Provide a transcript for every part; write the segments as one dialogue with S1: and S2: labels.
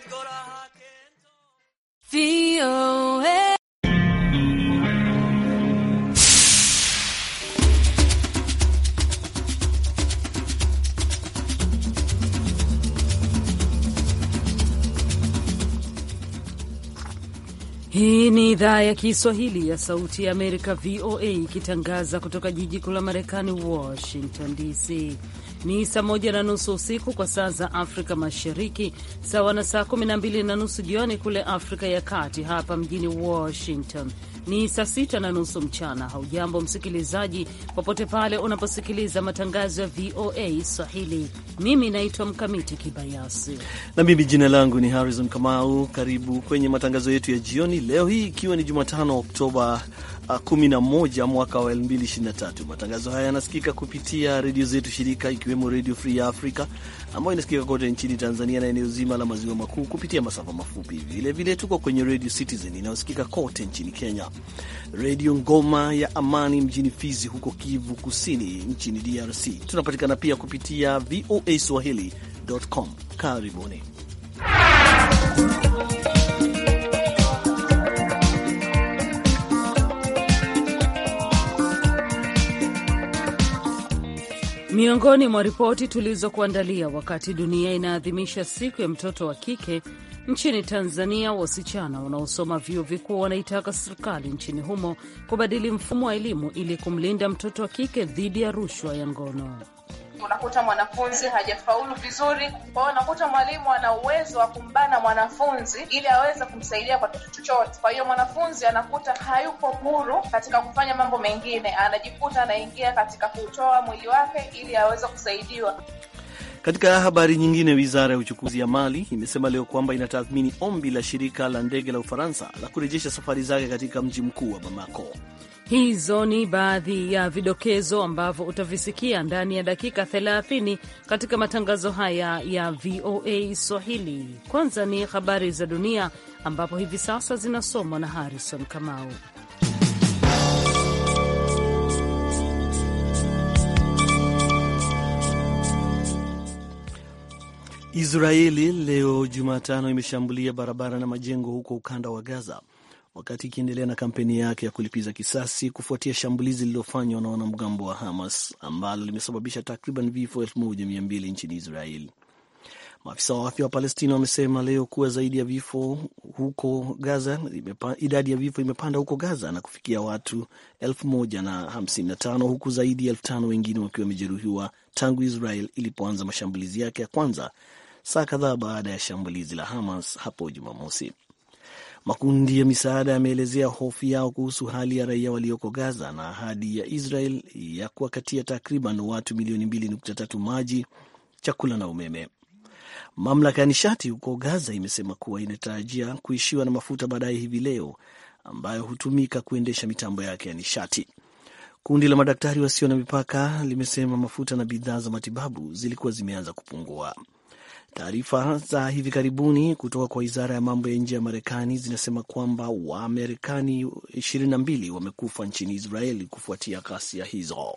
S1: Hii
S2: ni idhaa ya Kiswahili ya Sauti ya Amerika, VOA, ikitangaza kutoka jiji kuu la Marekani, Washington DC. Ni saa moja na nusu usiku kwa saa za Afrika Mashariki, sawa na saa kumi na mbili na nusu jioni kule Afrika ya Kati. Hapa mjini Washington ni saa sita na nusu mchana. Haujambo msikilizaji, popote pale unaposikiliza matangazo ya VOA Swahili. Mimi naitwa Mkamiti Kibayasi
S3: na mimi jina langu ni Harrison Kamau. Karibu kwenye matangazo yetu ya jioni leo hii, ikiwa ni Jumatano Oktoba 11 ah, mwaka wa 2023. Matangazo haya yanasikika kupitia redio zetu shirika ikiwemo Redio Free Africa ambayo inasikika kote nchini Tanzania na eneo zima la maziwa makuu kupitia masafa mafupi. Vilevile tuko kwenye Radio Citizen inayosikika kote nchini Kenya, redio Ngoma ya Amani mjini Fizi huko Kivu Kusini nchini DRC. Tunapatikana pia kupitia voa swahili.com. Karibuni
S2: Miongoni mwa ripoti tulizokuandalia, wakati dunia inaadhimisha siku ya mtoto wa kike, nchini Tanzania wasichana wanaosoma vyuo vikuu wanaitaka serikali nchini humo kubadili mfumo wa elimu ili kumlinda mtoto wa kike dhidi ya rushwa ya ngono unakuta mwanafunzi hajafaulu vizuri. Kwa hiyo unakuta mwalimu ana uwezo wa kumbana mwanafunzi ili aweze kumsaidia kwa kitu chochote. Kwa hiyo mwanafunzi anakuta hayupo huru katika kufanya mambo mengine, anajikuta anaingia katika kutoa mwili wake ili aweze kusaidiwa.
S3: Katika habari nyingine, wizara ya uchukuzi ya Mali imesema leo kwamba inatathmini ombi la shirika la ndege la Ufaransa la kurejesha safari zake katika mji mkuu wa Bamako.
S2: Hizo ni baadhi ya vidokezo ambavyo utavisikia ndani ya dakika 30 katika matangazo haya ya VOA Swahili. Kwanza ni habari za dunia, ambapo hivi sasa zinasomwa na Harrison Kamau.
S3: Israeli leo Jumatano imeshambulia barabara na majengo huko ukanda wa Gaza wakati ikiendelea na kampeni yake ya kulipiza kisasi kufuatia shambulizi lililofanywa na wanamgambo wa Hamas ambalo limesababisha takriban vifo 2 nchini Israel. Maafisa wa afya wa Palestina wamesema leo kuwa zaidi ya vifo huko Gaza, idadi ya vifo imepanda huko Gaza na kufikia watu 1055 huku zaidi ya 5 wengine wakiwa wamejeruhiwa tangu Israel ilipoanza mashambulizi yake ya kwanza saa kadhaa baada ya shambulizi la Hamas hapo Jumamosi. Makundi ya misaada yameelezea hofu yao kuhusu hali ya raia walioko Gaza na ahadi ya Israel ya kuwakatia takriban watu milioni 2.3 maji, chakula na umeme. Mamlaka ya nishati huko Gaza imesema kuwa inatarajia kuishiwa na mafuta baadaye hivi leo, ambayo hutumika kuendesha mitambo yake ya nishati. Kundi la madaktari wasio na mipaka limesema mafuta na bidhaa za matibabu zilikuwa zimeanza kupungua. Taarifa za hivi karibuni kutoka kwa wizara ya mambo ya nje ya Marekani zinasema kwamba Wamarekani 22 wamekufa nchini Israeli kufuatia ghasia hizo.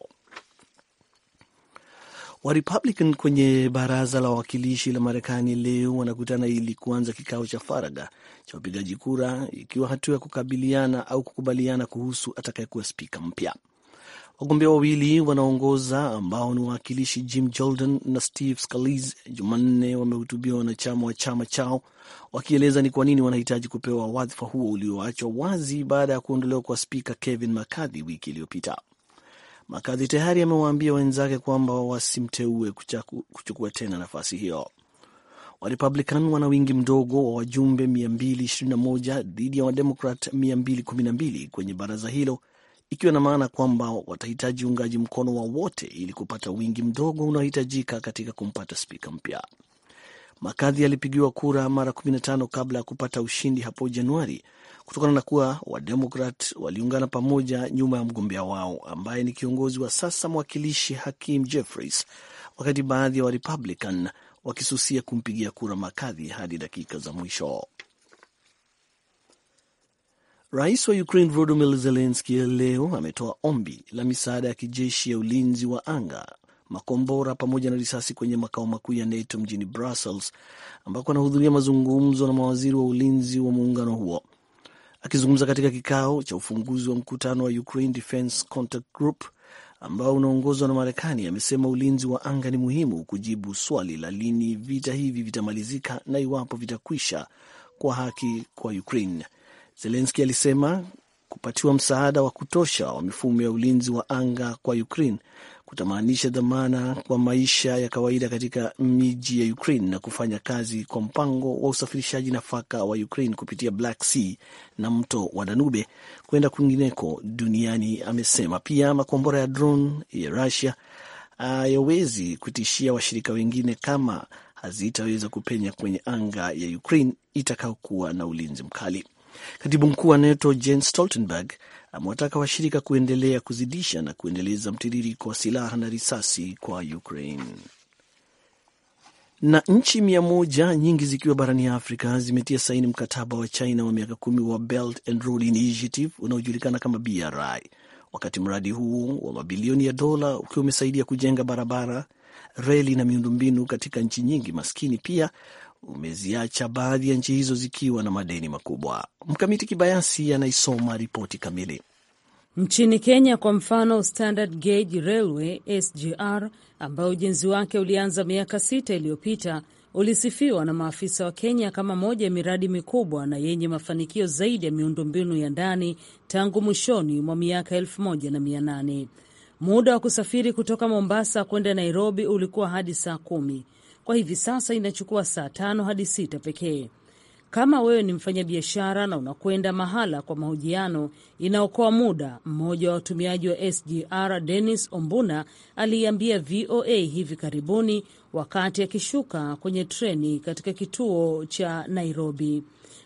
S3: Warepublican kwenye baraza la wawakilishi la Marekani leo wanakutana ili kuanza kikao cha faraga cha upigaji kura, ikiwa hatua ya kukabiliana au kukubaliana kuhusu atakayekuwa spika mpya. Wagombea wawili wanaongoza ambao ni wawakilishi Jim Jordan na Steve Scalise Jumanne wamehutubia wanachama wa chama chao wakieleza ni kwa nini wanahitaji kupewa wadhifa huo ulioachwa wazi baada ya kuondolewa kwa spika Kevin McCarthy wiki iliyopita. McCarthy tayari amewaambia wenzake kwamba wasimteue kuchukua tena nafasi hiyo. Warepublican wana wingi mdogo wa wajumbe 221 dhidi ya Wademokrat 212 kwenye baraza hilo ikiwa na maana kwamba watahitaji uungaji mkono wa wote ili kupata wingi mdogo unaohitajika katika kumpata spika mpya. makadhi alipigiwa kura mara 15 kabla ya kupata ushindi hapo Januari kutokana na kuwa Wademokrat waliungana pamoja nyuma ya mgombea wao ambaye ni kiongozi wa sasa mwakilishi Hakim Jeffries, wakati baadhi ya wa Warepublican wakisusia kumpigia kura makadhi hadi dakika za mwisho. Rais wa Ukraine Volodymyr Zelensky leo ametoa ombi la misaada ya kijeshi ya ulinzi wa anga, makombora pamoja na risasi kwenye makao makuu ya NATO mjini Brussels, ambako anahudhuria mazungumzo na mawaziri wa ulinzi wa muungano huo. Akizungumza katika kikao cha ufunguzi wa mkutano wa Ukraine Defence Contact Group ambao unaongozwa na Marekani, amesema ulinzi wa anga ni muhimu kujibu swali la lini vita hivi vitamalizika na iwapo vitakwisha kwa haki kwa Ukraine. Zelenski alisema kupatiwa msaada wa kutosha wa mifumo ya ulinzi wa anga kwa Ukraine kutamaanisha dhamana kwa maisha ya kawaida katika miji ya Ukraine na kufanya kazi kwa mpango wa usafirishaji nafaka wa Ukraine kupitia Black Sea na mto wa Danube kwenda kwingineko duniani. Amesema pia makombora ya drone ya Russia hayawezi kutishia washirika wengine kama hazitaweza kupenya kwenye anga ya Ukraine itakayokuwa na ulinzi mkali. Katibu mkuu wa NATO Jens Stoltenberg amewataka washirika kuendelea kuzidisha na kuendeleza mtiririko wa silaha na risasi kwa Ukraine. Na nchi mia moja, nyingi zikiwa barani Afrika, zimetia saini mkataba wa China wa miaka kumi wa Belt and Road Initiative unaojulikana kama BRI, wakati mradi huo wa mabilioni ya dola ukiwa umesaidia kujenga barabara, reli na miundombinu katika nchi nyingi maskini, pia umeziacha baadhi ya nchi hizo zikiwa na madeni makubwa. Mkamiti Kibayasi anaisoma ripoti
S2: kamili. Nchini Kenya kwa mfano, Standard Gauge Railway SGR ambayo ujenzi wake ulianza miaka sita iliyopita ulisifiwa na maafisa wa Kenya kama moja ya miradi mikubwa na yenye mafanikio zaidi ya miundombinu ya ndani tangu mwishoni mwa miaka elfu moja na mia nane. Muda wa kusafiri kutoka Mombasa kwenda Nairobi ulikuwa hadi saa kumi kwa hivi sasa inachukua saa tano hadi sita pekee. Kama wewe ni mfanyabiashara na unakwenda mahala kwa mahojiano, inaokoa muda. Mmoja wa watumiaji wa SGR Dennis Ombuna aliiambia VOA hivi karibuni wakati akishuka kwenye treni katika kituo cha Nairobi.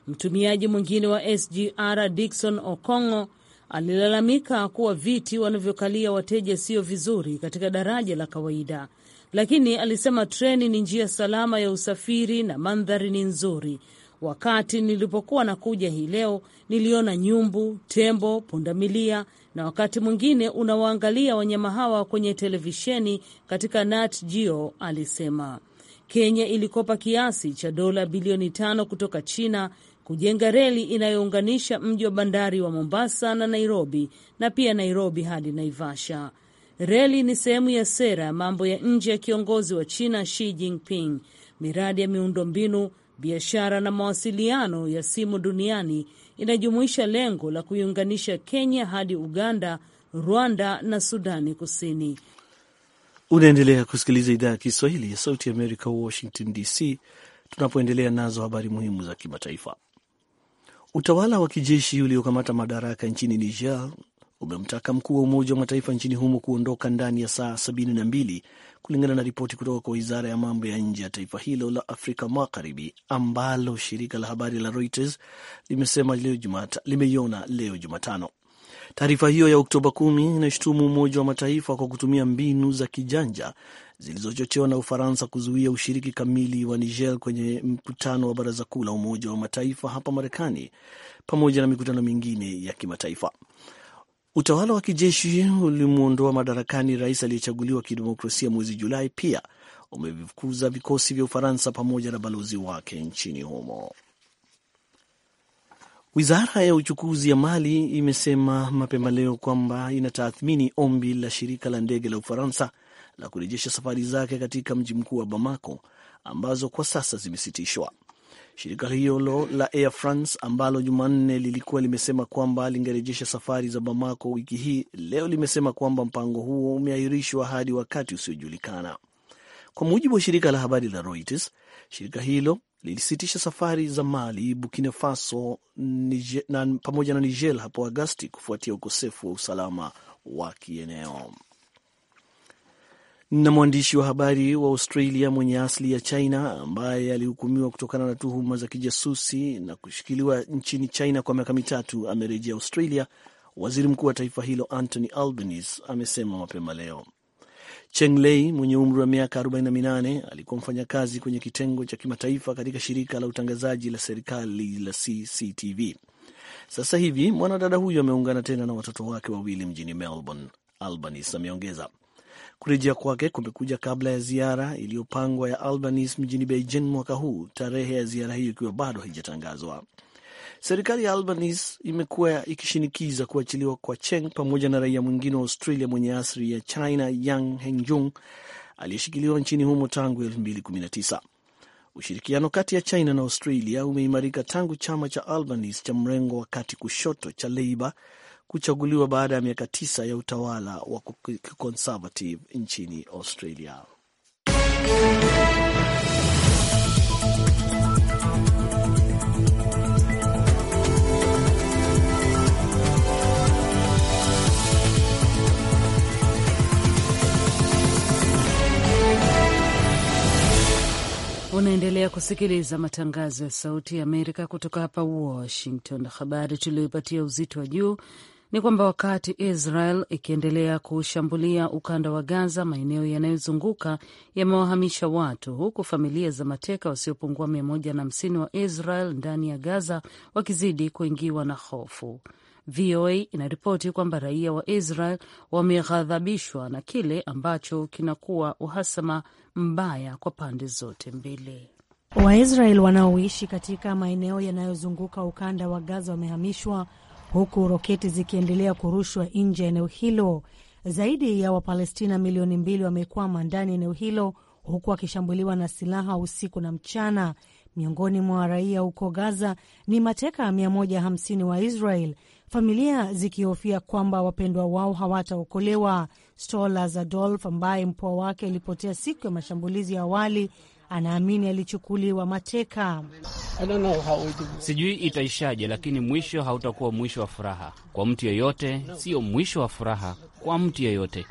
S2: Mtumiaji mwingine wa SGR Dikson Okongo alilalamika kuwa viti wanavyokalia wateja sio vizuri katika daraja la kawaida lakini alisema treni ni njia salama ya usafiri na mandhari ni nzuri. Wakati nilipokuwa nakuja hii leo, niliona nyumbu, tembo, pundamilia na wakati mwingine unawaangalia wanyama hawa kwenye televisheni katika Nat Geo, alisema. Kenya ilikopa kiasi cha dola bilioni tano kutoka China kujenga reli inayounganisha mji wa bandari wa Mombasa na Nairobi na pia Nairobi hadi Naivasha. Reli ni sehemu ya sera ya mambo ya nje ya kiongozi wa China Xi Jinping. Miradi ya miundombinu, biashara na mawasiliano ya simu duniani inajumuisha lengo la kuiunganisha Kenya hadi Uganda, Rwanda na Sudani Kusini.
S3: Unaendelea kusikiliza idhaa ya Kiswahili ya Sauti ya Amerika, Washington DC, tunapoendelea nazo habari muhimu za kimataifa. Utawala wa kijeshi uliokamata madaraka nchini Niger umemtaka mkuu wa Umoja wa Mataifa nchini humo kuondoka ndani ya saa 72 kulingana na ripoti kutoka kwa wizara ya mambo ya nje ya taifa hilo la Afrika Magharibi ambalo shirika la habari la Reuters limesema leo limeiona leo Jumatano. Taarifa hiyo ya Oktoba kumi inashutumu Umoja wa Mataifa kwa kutumia mbinu za kijanja zilizochochewa na Ufaransa kuzuia ushiriki kamili wa Niger kwenye mkutano wa Baraza Kuu la Umoja wa Mataifa hapa Marekani pamoja na mikutano mingine ya kimataifa. Utawala wa kijeshi ulimwondoa madarakani rais aliyechaguliwa kidemokrasia mwezi Julai, pia umevifukuza vikosi vya Ufaransa pamoja na balozi wake nchini humo. Wizara ya uchukuzi ya Mali imesema mapema leo kwamba inatathmini ombi la shirika la ndege la Ufaransa la kurejesha safari zake katika mji mkuu wa Bamako ambazo kwa sasa zimesitishwa. Shirika hilo la Air France ambalo Jumanne lilikuwa limesema kwamba lingerejesha safari za Bamako wiki hii, leo limesema kwamba mpango huo umeahirishwa hadi wakati usiojulikana. Kwa mujibu wa shirika la habari la Reuters, shirika hilo lilisitisha safari za Mali, Burkina Faso na, pamoja na Niger hapo Agasti kufuatia ukosefu wa usalama wa kieneo na mwandishi wa habari wa Australia mwenye asili ya China ambaye alihukumiwa kutokana na tuhuma za kijasusi na kushikiliwa nchini China kwa miaka mitatu amerejea Australia. Waziri mkuu wa taifa hilo Anthony Albanese amesema mapema leo. Cheng Lei mwenye umri wa miaka 48 alikuwa mfanyakazi kwenye kitengo cha kimataifa katika shirika la utangazaji la serikali la CCTV. Sasa hivi mwanadada huyo ameungana tena na watoto wake wawili mjini Melbourne, Albanese ameongeza. Kurejea kwake kumekuja kabla ya ziara iliyopangwa ya Albanese mjini Beijing mwaka huu, tarehe ya ziara hiyo ikiwa bado haijatangazwa. Serikali ya Albanese imekuwa ikishinikiza kuachiliwa kwa Cheng pamoja na raia mwingine wa Australia mwenye asili ya China Yang Hengjung aliyeshikiliwa nchini humo tangu 2019. Ushirikiano kati ya China na Australia umeimarika tangu chama cha Albanese cha mrengo wa kati kushoto cha Labour kuchaguliwa baada ya miaka tisa ya utawala wa kiconservative nchini Australia.
S2: Unaendelea kusikiliza matangazo ya Sauti ya Amerika kutoka hapa Washington. Habari tuliyoipatia uzito wa juu ni kwamba wakati Israel ikiendelea kushambulia ukanda wa Gaza, maeneo yanayozunguka yamewahamisha watu, huku familia za mateka wasiopungua 150 wa Israel ndani ya Gaza wakizidi kuingiwa na hofu. VOA inaripoti kwamba raia wa Israel wameghadhabishwa na kile ambacho kinakuwa uhasama mbaya kwa pande zote mbili.
S4: Waisrael wanaoishi katika maeneo yanayozunguka ukanda wa Gaza wamehamishwa huku roketi zikiendelea kurushwa nje ya eneo hilo. Zaidi ya Wapalestina milioni mbili wamekwama ndani ya eneo hilo huku wakishambuliwa na silaha usiku na mchana. Miongoni mwa raia huko Gaza ni mateka 150 wa Israel, familia zikihofia kwamba wapendwa wao hawataokolewa. Stola Zadolf ambaye mpoa wake alipotea siku ya mashambulizi ya awali anaamini alichukuliwa mateka.
S2: Sijui itaishaje, lakini mwisho hautakuwa mwisho wa furaha kwa mtu yeyote, sio mwisho wa furaha kwa mtu yeyote.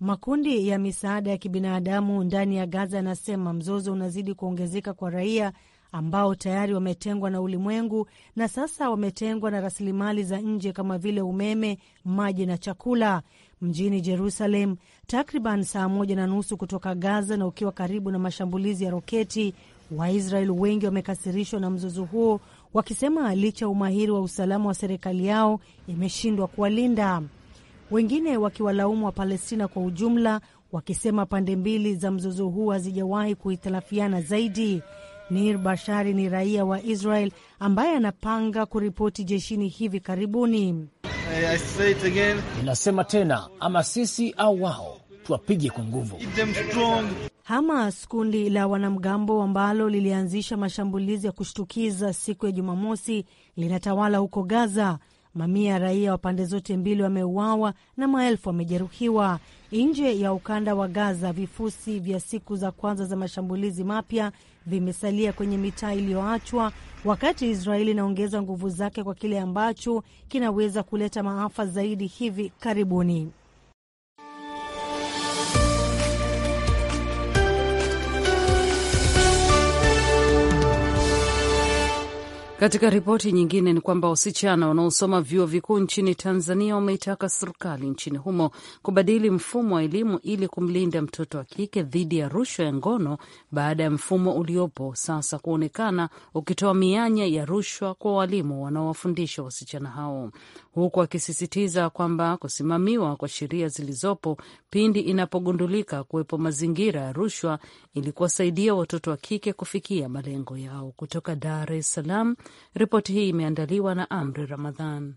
S4: Makundi ya misaada ya kibinadamu ndani ya Gaza yanasema mzozo unazidi kuongezeka kwa raia ambao tayari wametengwa na ulimwengu na sasa wametengwa na rasilimali za nje kama vile umeme, maji na chakula mjini Jerusalem takriban saa moja na nusu kutoka Gaza, na ukiwa karibu na mashambulizi ya roketi. Waisraeli wengi wamekasirishwa na mzozo huo, wakisema licha umahiri wa usalama wa serikali yao imeshindwa kuwalinda, wengine wakiwalaumu Wapalestina kwa ujumla, wakisema pande mbili za mzozo huu hazijawahi kuhitilafiana zaidi. Nir Bashari ni raia wa Israel ambaye anapanga kuripoti jeshini hivi karibuni.
S5: Eh, Inasema tena, ama sisi au wao, tuwapige kwa nguvu.
S4: Hamas, kundi la wanamgambo ambalo lilianzisha mashambulizi ya kushtukiza siku ya Jumamosi, linatawala huko Gaza. Mamia ya raia wa pande zote mbili wameuawa na maelfu wamejeruhiwa nje ya ukanda wa Gaza. Vifusi vya siku za kwanza za mashambulizi mapya vimesalia kwenye mitaa iliyoachwa wakati Israeli inaongeza nguvu zake kwa kile ambacho kinaweza kuleta maafa zaidi hivi karibuni.
S2: Katika ripoti nyingine ni kwamba wasichana wanaosoma vyuo vikuu nchini Tanzania wameitaka serikali nchini humo kubadili mfumo wa elimu ili kumlinda mtoto wa kike dhidi ya rushwa ya ngono baada ya mfumo uliopo sasa kuonekana ukitoa mianya ya rushwa kwa walimu wanaowafundisha wasichana hao, huku akisisitiza kwamba kusimamiwa kwa sheria zilizopo pindi inapogundulika kuwepo mazingira ya rushwa ili kuwasaidia watoto wa kike kufikia malengo yao. Kutoka Dar es Salaam. Ripoti hii imeandaliwa na Amri Ramadhan.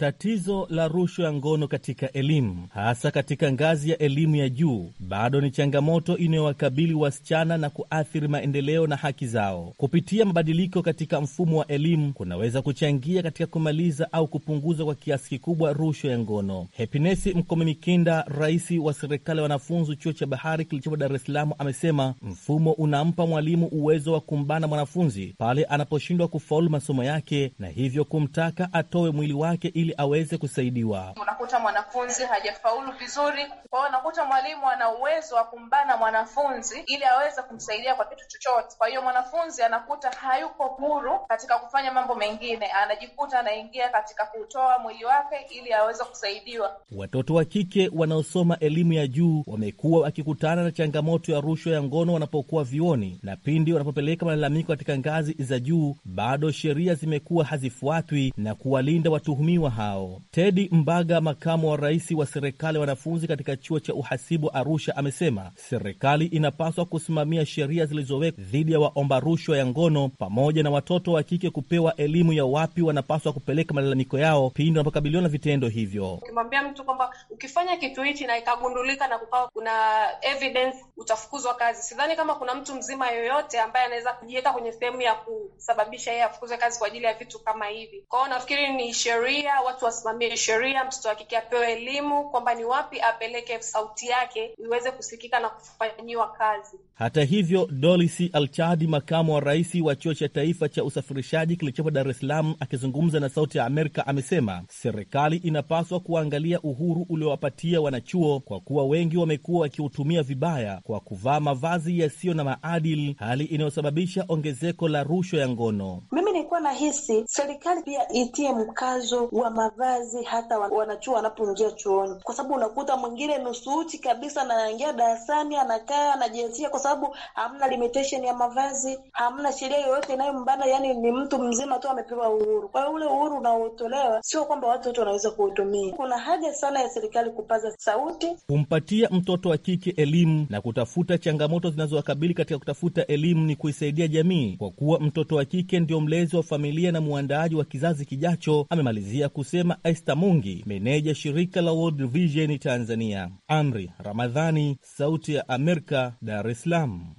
S5: Tatizo la rushwa ya ngono katika elimu, hasa katika ngazi ya elimu ya juu, bado ni changamoto inayowakabili wasichana na kuathiri maendeleo na haki zao. Kupitia mabadiliko katika mfumo wa elimu kunaweza kuchangia katika kumaliza au kupunguza kwa kiasi kikubwa rushwa ya ngono. Hepinesi Mkominikinda, rais wa serikali ya wanafunzi chuo cha Bahari kilichopo Dar es Salaam, amesema mfumo unampa mwalimu uwezo wa kumbana mwanafunzi pale anaposhindwa kufaulu masomo yake na hivyo kumtaka atoe mwili wake ili ili aweze kusaidiwa.
S2: Unakuta mwanafunzi hajafaulu vizuri, kwa hiyo unakuta mwalimu ana uwezo wa kumbana mwanafunzi ili aweze kumsaidia kwa kitu chochote. Kwa hiyo mwanafunzi anakuta hayuko huru katika kufanya mambo mengine, anajikuta anaingia katika kutoa mwili wake ili aweze kusaidiwa.
S5: Watoto wa kike wanaosoma elimu ya juu wamekuwa wakikutana na changamoto ya rushwa ya ngono wanapokuwa vioni na pindi wanapopeleka malalamiko katika ngazi za juu, bado sheria zimekuwa hazifuatwi na kuwalinda watuhumiwa hao. Tedi Mbaga, makamu wa rais wa serikali wanafunzi katika chuo cha uhasibu Arusha, amesema serikali inapaswa kusimamia sheria zilizowekwa dhidi ya waomba rushwa ya ngono, pamoja na watoto wa kike kupewa elimu ya wapi wanapaswa kupeleka malalamiko yao pindi wanapokabiliwa na vitendo hivyo.
S6: Ukimwambia mtu kwamba ukifanya kitu hichi na ikagundulika na kukawa kuna evidence utafukuzwa kazi, sidhani kama kuna mtu mzima yoyote ambaye anaweza kujiweka kwenye sehemu ya kusababisha yeye afukuzwe kazi kwa ajili ya vitu kama hivi. Kwao nafkiri nafikiri ni sheria watu wasimamie sheria, mtoto wa kike apewe elimu kwamba ni wapi apeleke sauti yake iweze kusikika na kufanyiwa kazi.
S5: Hata hivyo, Dolisi Alchadi, makamu wa rais wa chuo cha taifa cha usafirishaji kilichopo Dar es Salaam, akizungumza na Sauti ya Amerika, amesema serikali inapaswa kuangalia uhuru uliowapatia wanachuo, kwa kuwa wengi wamekuwa wakiutumia vibaya kwa kuvaa mavazi yasiyo na maadili, hali inayosababisha ongezeko
S4: la rushwa ya ngono. Mimi nilikuwa nahisi serikali pia itie mkazo wa wa mavazi hata wanachuo wanapoingia chuoni, kwa sababu unakuta mwingine nusu uchi kabisa, anaingia darasani, anakaa anajiachia, kwa sababu hamna limitation ya mavazi, hamna sheria yoyote inayombana. Yani ni mtu mzima tu amepewa uhuru. Kwa hiyo ule uhuru unaotolewa sio kwamba watu wote wanaweza kuhutumia Kuna haja sana ya serikali kupaza sauti,
S5: kumpatia mtoto wa kike elimu na kutafuta changamoto zinazowakabili katika kutafuta elimu ni kuisaidia jamii, kwa kuwa mtoto wa kike ndio mlezi wa familia na mwandaaji wa kizazi kijacho. Amemalizia kusema Esther Mungi, meneja shirika la World Vision Tanzania. Amri Ramadhani, Sauti ya Amerika, Dar es Salaam.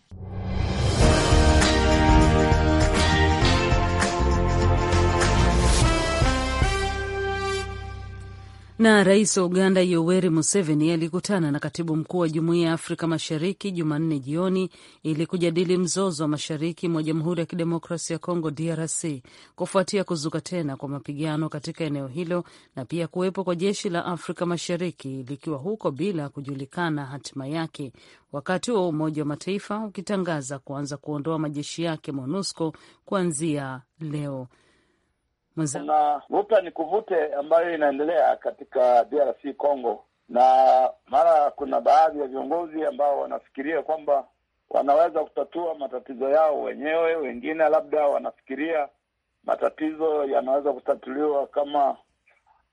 S2: Na rais wa Uganda Yoweri Museveni alikutana na katibu mkuu wa jumuiya ya Afrika Mashariki Jumanne jioni ili kujadili mzozo wa mashariki mwa Jamhuri ya Kidemokrasia ya Kongo, DRC, kufuatia kuzuka tena kwa mapigano katika eneo hilo na pia kuwepo kwa jeshi la Afrika Mashariki likiwa huko bila kujulikana hatima yake, wakati wa Umoja wa Mataifa ukitangaza kuanza kuondoa majeshi yake MONUSCO kuanzia leo.
S1: Kuna vuta ni kuvute ambayo inaendelea katika DRC Congo, na mara kuna baadhi ya viongozi ambao wanafikiria kwamba wanaweza kutatua matatizo yao wenyewe, wengine labda wanafikiria matatizo yanaweza kutatuliwa kama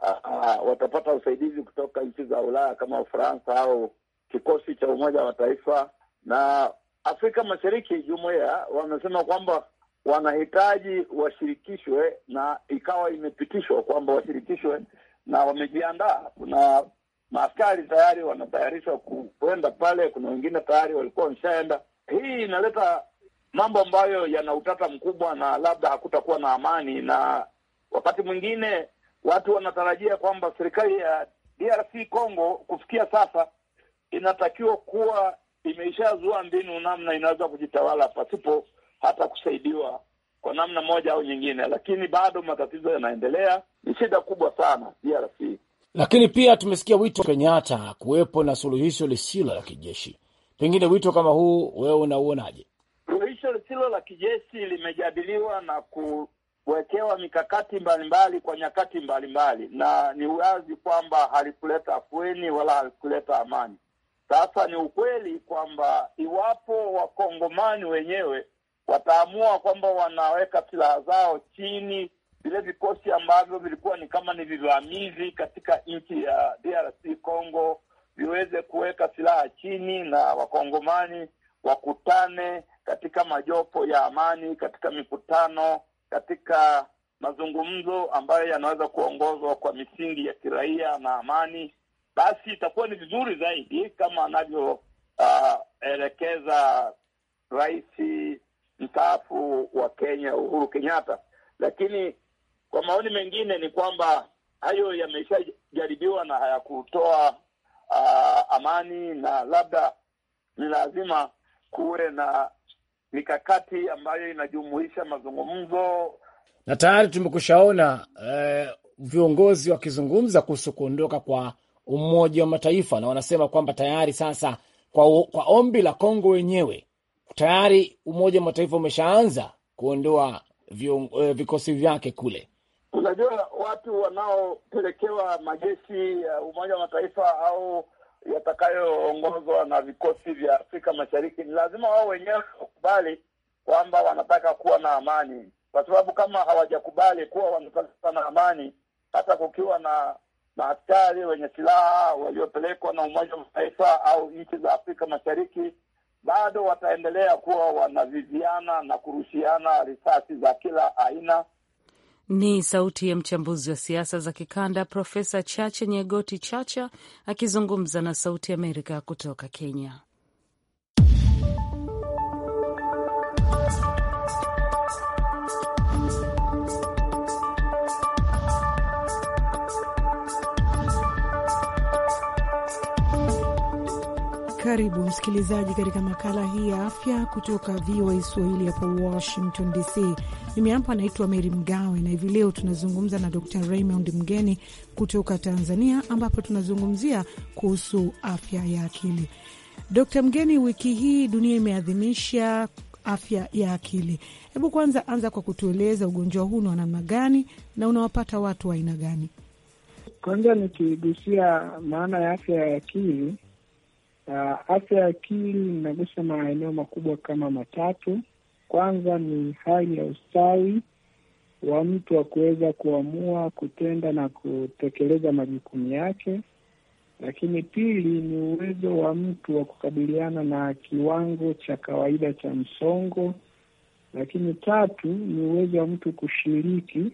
S1: uh, watapata usaidizi kutoka nchi za Ulaya kama Ufaransa au kikosi cha Umoja wa Mataifa. Na Afrika Mashariki jumuiya wamesema kwamba wanahitaji washirikishwe, na ikawa imepitishwa kwamba washirikishwe na wamejiandaa. Kuna maaskari tayari wanatayarishwa kuenda pale, kuna wengine tayari walikuwa wameshaenda. Hii inaleta mambo ambayo yana utata mkubwa, na labda hakutakuwa na amani, na wakati mwingine watu wanatarajia kwamba serikali ya DRC Congo kufikia sasa inatakiwa kuwa imeishazua mbinu namna inaweza kujitawala pasipo hata kusaidiwa kwa namna moja au nyingine, lakini bado matatizo yanaendelea. Ni shida kubwa sana DRC. Lakini pia tumesikia wito Kenyatta kuwepo na suluhisho lisilo la kijeshi. Pengine wito kama huu wewe unauonaje? Suluhisho lisilo la kijeshi limejadiliwa na kuwekewa mikakati mbalimbali mbali kwa nyakati mbalimbali mbali, na ni wazi kwamba halikuleta afueni wala halikuleta amani. Sasa ni ukweli kwamba iwapo wakongomani wenyewe wataamua kwamba wanaweka silaha zao chini, vile vikosi ambavyo vilikuwa ni kama ni vivamizi katika nchi ya DRC Congo viweze kuweka silaha chini na wakongomani wakutane katika majopo ya amani, katika mikutano, katika mazungumzo ambayo yanaweza kuongozwa kwa misingi ya kiraia na amani, basi itakuwa ni vizuri zaidi, kama anavyoelekeza uh, rais mstaafu wa Kenya Uhuru Kenyatta. Lakini kwa maoni mengine ni kwamba hayo yameshajaribiwa na hayakutoa uh, amani, na labda ni lazima kuwe na mikakati ambayo inajumuisha mazungumzo, na tayari tumekushaona eh, viongozi wakizungumza kuhusu kuondoka kwa Umoja wa Mataifa, na wanasema kwamba tayari sasa kwa, kwa ombi la Kongo wenyewe tayari Umoja wa Mataifa umeshaanza kuondoa eh, vikosi vyake kule. Unajua, watu wanaopelekewa majeshi ya Umoja wa Mataifa au yatakayoongozwa na vikosi vya Afrika Mashariki ni lazima wao wenyewe wakubali kwamba wanataka kuwa na amani, kwa sababu kama hawajakubali kuwa wanataka kuwa na amani, hata kukiwa na maaskari wenye silaha waliopelekwa na Umoja wa Mataifa au nchi za Afrika Mashariki bado wataendelea kuwa wanaviviana na kurushiana risasi za kila aina.
S2: Ni sauti ya mchambuzi wa siasa za kikanda Profesa Chacha Nyegoti Chacha akizungumza na Sauti Amerika kutoka Kenya.
S6: Karibu msikilizaji katika makala hii ya afya kutoka VOA Swahili hapa Washington DC. Mimi hapa anaitwa Meri Mgawe na hivi leo tunazungumza na Dr Raymond Mgeni kutoka Tanzania, ambapo tunazungumzia kuhusu afya ya akili. Dr Mgeni, wiki hii dunia imeadhimisha afya ya akili. Hebu kwanza anza kwa kutueleza ugonjwa huu ni wa namna gani na unawapata watu wa aina gani?
S7: Kwanza nikigusia maana ya afya ya akili Uh, afya ya akili inagusa maeneo makubwa kama matatu. Kwanza ni hali ya ustawi wa mtu wa kuweza kuamua kutenda na kutekeleza majukumu yake, lakini pili ni uwezo wa mtu wa kukabiliana na kiwango cha kawaida cha msongo, lakini tatu ni uwezo wa mtu kushiriki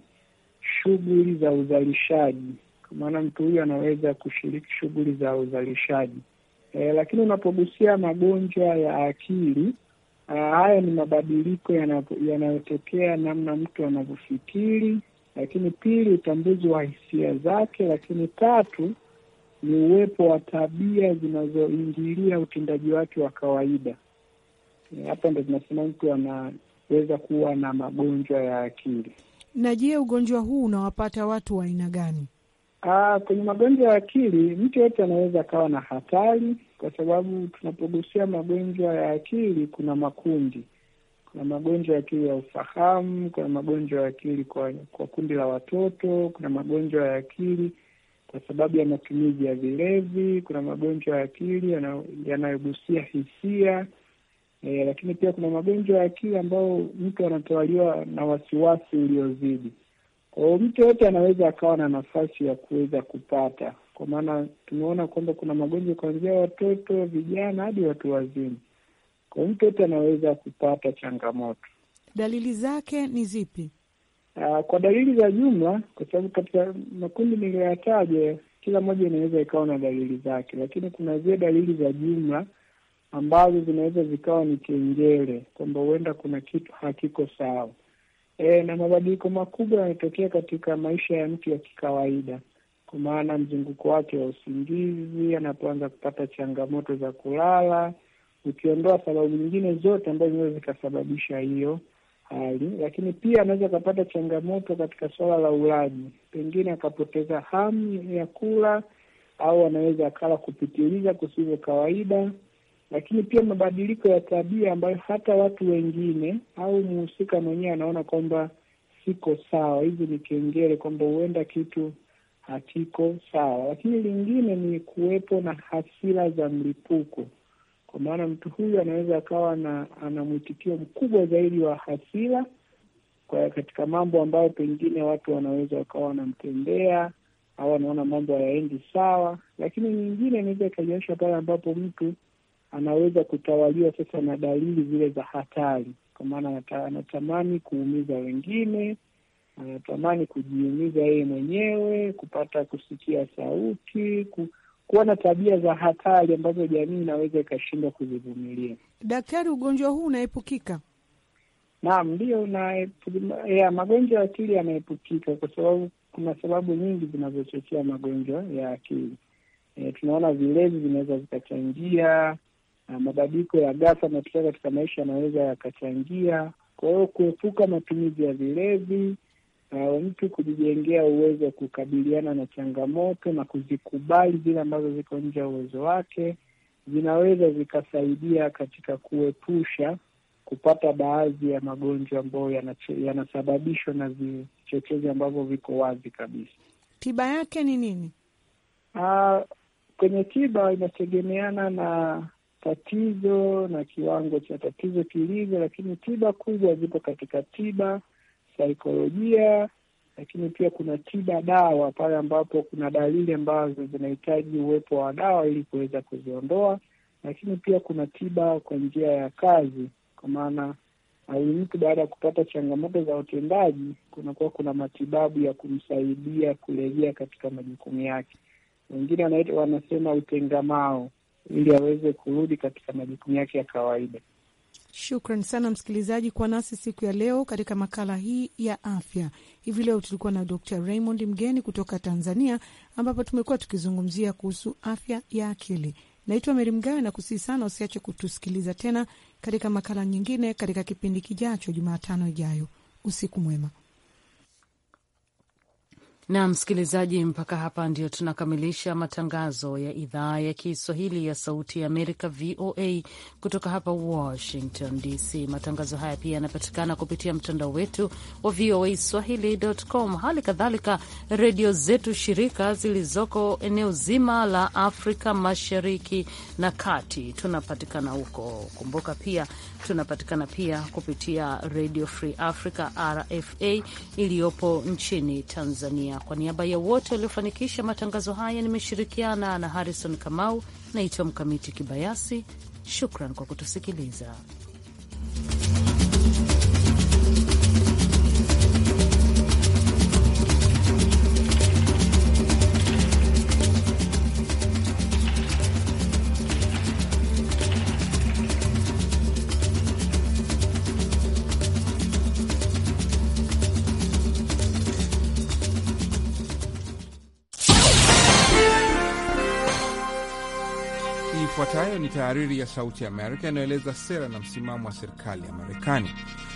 S7: shughuli za uzalishaji, kwa maana mtu huyu anaweza kushiriki shughuli za uzalishaji e, lakini unapogusia magonjwa ya akili ah, haya ni mabadiliko yanayotokea namna mtu anavyofikiri, lakini pili, utambuzi wa hisia zake, lakini tatu ni uwepo wa tabia zinazoingilia utendaji wake wa kawaida. Eh, Hapa ndo zinasema mtu anaweza kuwa na magonjwa ya akili.
S6: Na je, ugonjwa huu unawapata watu wa aina gani?
S7: Aa, ah, kwenye magonjwa ya akili mtu yote anaweza akawa na hatari, kwa sababu tunapogusia magonjwa ya akili kuna makundi. Kuna magonjwa ya akili ya ufahamu, kuna magonjwa ya akili kwa, kwa kundi la watoto, kuna magonjwa ya akili kwa sababu ya matumizi ya vilevi, kuna magonjwa ya akili yanayogusia yana hisia e, lakini pia kuna magonjwa ya akili ambayo mtu anatawaliwa na wasiwasi uliozidi. Kwa eh, hiyo mtu yote anaweza akawa na nafasi ya kuweza kupata, kwa maana tumeona kwamba kuna magonjwa kuanzia watoto, vijana hadi watu wazima. Kwa hiyo mtu yote anaweza kupata changamoto. Dalili zake ni zipi? Aa, ah, kwa dalili za jumla, kwa sababu katika makundi niliyoyataja kila moja inaweza ikawa na dalili zake, lakini kuna zile dalili za jumla ambazo zinaweza zikawa ni kengele kwamba huenda kuna kitu hakiko sawa e, na mabadiliko makubwa yanatokea katika maisha ya mtu ya kikawaida, kwa maana mzunguko wake wa usingizi, anapoanza kupata changamoto za kulala, ukiondoa sababu nyingine zote ambazo zinaweza zikasababisha hiyo hali. Lakini pia anaweza akapata changamoto katika suala la ulaji, pengine akapoteza hamu ya kula, au anaweza akala kupitiliza kusivyo kawaida lakini pia mabadiliko ya tabia ambayo hata watu wengine au mhusika mwenyewe anaona kwamba siko sawa. Hizi ni kengele kwamba huenda kitu hakiko sawa. Lakini lingine ni kuwepo na hasira za mlipuko, kwa maana mtu huyu anaweza akawa na ana mwitikio mkubwa zaidi wa hasira kwa katika mambo ambayo pengine watu wanaweza wakawa wanamtendea au wanaona mambo hayaendi sawa. Lakini nyingine inaweza ikajionyesha pale ambapo mtu anaweza kutawaliwa sasa na dalili zile za hatari, kwa maana anatamani kuumiza wengine, anatamani kujiumiza yeye mwenyewe, kupata kusikia sauti ku na tabia za hatari ambazo jamii inaweza ikashindwa kuzivumilia.
S6: Daktari, ugonjwa huu unaepukika?
S7: Naam, ndio ya magonjwa ya akili yanaepukika kwa sababu kuna sababu nyingi zinazochochea magonjwa ya akili. E, tunaona vilezi vinaweza vikachangia Ah, mabadiliko ya ghafla yanatokea katika maisha yanaweza yakachangia. Kwa hiyo kuepuka matumizi ya vilevi, uh, mtu kujijengea uwezo wa kukabiliana na changamoto na kuzikubali zile ambazo ziko nje ya uwezo wake zinaweza zikasaidia katika kuepusha kupata baadhi ya magonjwa ambayo yanasababishwa na vichochezi ambavyo viko wazi kabisa.
S6: Tiba yake ni
S7: nini? Uh, kwenye tiba inategemeana na tatizo na kiwango cha tatizo kilivyo, lakini tiba kubwa zipo katika tiba saikolojia, lakini pia kuna tiba dawa, pale ambapo kuna dalili ambazo zinahitaji uwepo wa dawa ili kuweza kuziondoa, lakini pia kuna tiba kwa njia ya kazi, kwa maana ali ah, mtu baada ya kupata changamoto za utendaji, kunakuwa kuna matibabu ya kumsaidia kurejea katika majukumu yake. Wengine wanasema utengamao ili aweze kurudi katika majukumu yake ya kawaida.
S6: Shukran sana msikilizaji kwa nasi siku ya leo katika makala hii ya afya. Hivi leo tulikuwa na Dr Raymond mgeni kutoka Tanzania, ambapo tumekuwa tukizungumzia kuhusu afya ya akili. Naitwa Meri Mgawe na kusii sana, usiache kutusikiliza tena katika makala nyingine katika kipindi kijacho, Jumatano ijayo. Usiku mwema.
S2: Na msikilizaji, mpaka hapa ndio tunakamilisha matangazo ya idhaa ya Kiswahili ya Sauti ya Amerika, VOA, kutoka hapa Washington DC. Matangazo haya pia yanapatikana kupitia mtandao wetu wa VOA Swahili.com, hali kadhalika redio zetu shirika zilizoko eneo zima la Afrika Mashariki na Kati, tunapatikana huko. Kumbuka pia Tunapatikana pia kupitia Radio Free Africa, RFA, iliyopo nchini Tanzania. Kwa niaba ya wote waliofanikisha matangazo haya, nimeshirikiana na Harrison Kamau. Naitwa Mkamiti Kibayasi. Shukran kwa kutusikiliza.
S8: Tahariri ya Sauti ya Amerika inaeleza sera na msimamo wa serikali ya Marekani.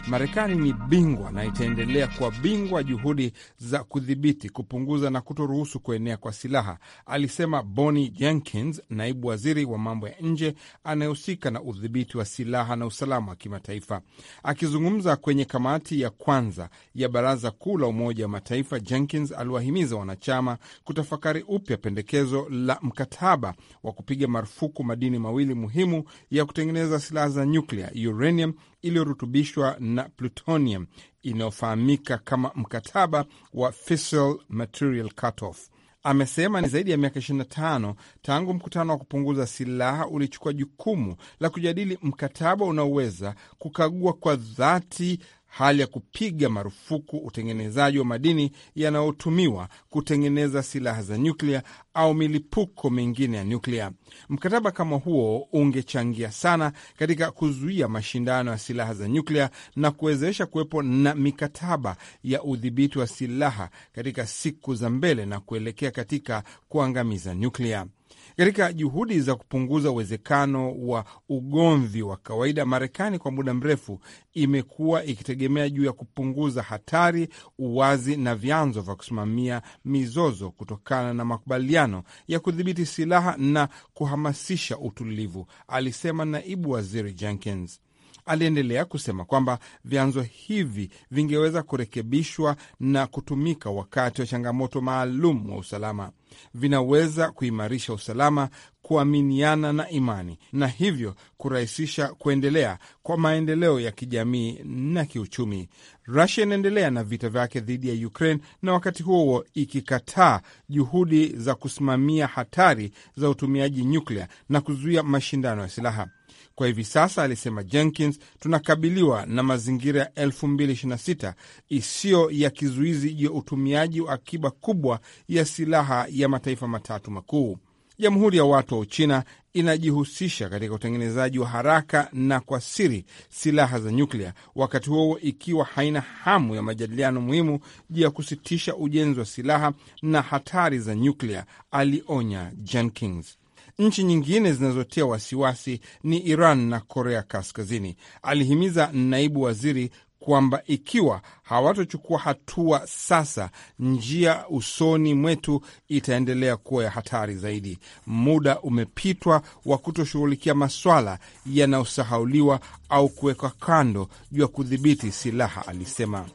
S8: Marekani ni bingwa na itaendelea kuwa bingwa juhudi za kudhibiti, kupunguza na kutoruhusu kuenea kwa silaha, alisema Bonnie Jenkins, naibu waziri wa mambo ya nje anayehusika na udhibiti wa silaha na usalama wa kimataifa. Akizungumza kwenye kamati ya kwanza ya Baraza Kuu la Umoja wa Mataifa, Jenkins aliwahimiza wanachama kutafakari upya pendekezo la mkataba wa kupiga marufuku madini mawili muhimu ya kutengeneza silaha za nyuklia, uranium iliyorutubishwa na plutonium inayofahamika kama mkataba wa fissile material cutoff. Amesema ni zaidi ya miaka 25 tangu mkutano wa kupunguza silaha ulichukua jukumu la kujadili mkataba unaoweza kukagua kwa dhati hali ya kupiga marufuku utengenezaji wa madini yanayotumiwa kutengeneza silaha za nyuklia au milipuko mingine ya nyuklia. Mkataba kama huo ungechangia sana katika kuzuia mashindano ya silaha za nyuklia na kuwezesha kuwepo na mikataba ya udhibiti wa silaha katika siku za mbele na kuelekea katika kuangamiza nyuklia. Katika juhudi za kupunguza uwezekano wa ugomvi wa kawaida, Marekani kwa muda mrefu imekuwa ikitegemea juu ya kupunguza hatari, uwazi na vyanzo vya kusimamia mizozo kutokana na makubaliano ya kudhibiti silaha na kuhamasisha utulivu, alisema naibu waziri Jenkins. Aliendelea kusema kwamba vyanzo hivi vingeweza kurekebishwa na kutumika wakati wa changamoto maalum wa usalama. Vinaweza kuimarisha usalama, kuaminiana na imani, na hivyo kurahisisha kuendelea kwa maendeleo ya kijamii na kiuchumi. Rusia inaendelea na vita vyake dhidi ya Ukraine na wakati huo huo ikikataa juhudi za kusimamia hatari za utumiaji nyuklia na kuzuia mashindano ya silaha. Kwa hivi sasa, alisema Jenkins, tunakabiliwa na mazingira ya 2026 isiyo ya kizuizi juu ya utumiaji wa akiba kubwa ya silaha ya mataifa matatu makuu. Jamhuri ya Watu wa Uchina inajihusisha katika utengenezaji wa haraka na kwa siri silaha za nyuklia, wakati huo ikiwa haina hamu ya majadiliano muhimu juu ya kusitisha ujenzi wa silaha na hatari za nyuklia, alionya Jenkins. Nchi nyingine zinazotia wasiwasi ni Iran na Korea Kaskazini. Alihimiza naibu waziri kwamba ikiwa hawatochukua hatua sasa, njia usoni mwetu itaendelea kuwa ya hatari zaidi. Muda umepitwa wa kutoshughulikia maswala yanayosahauliwa au kuwekwa kando juu ya kudhibiti silaha, alisema.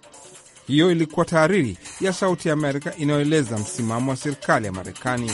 S8: Hiyo ilikuwa tahariri ya Sauti ya Amerika inayoeleza msimamo wa serikali ya Marekani.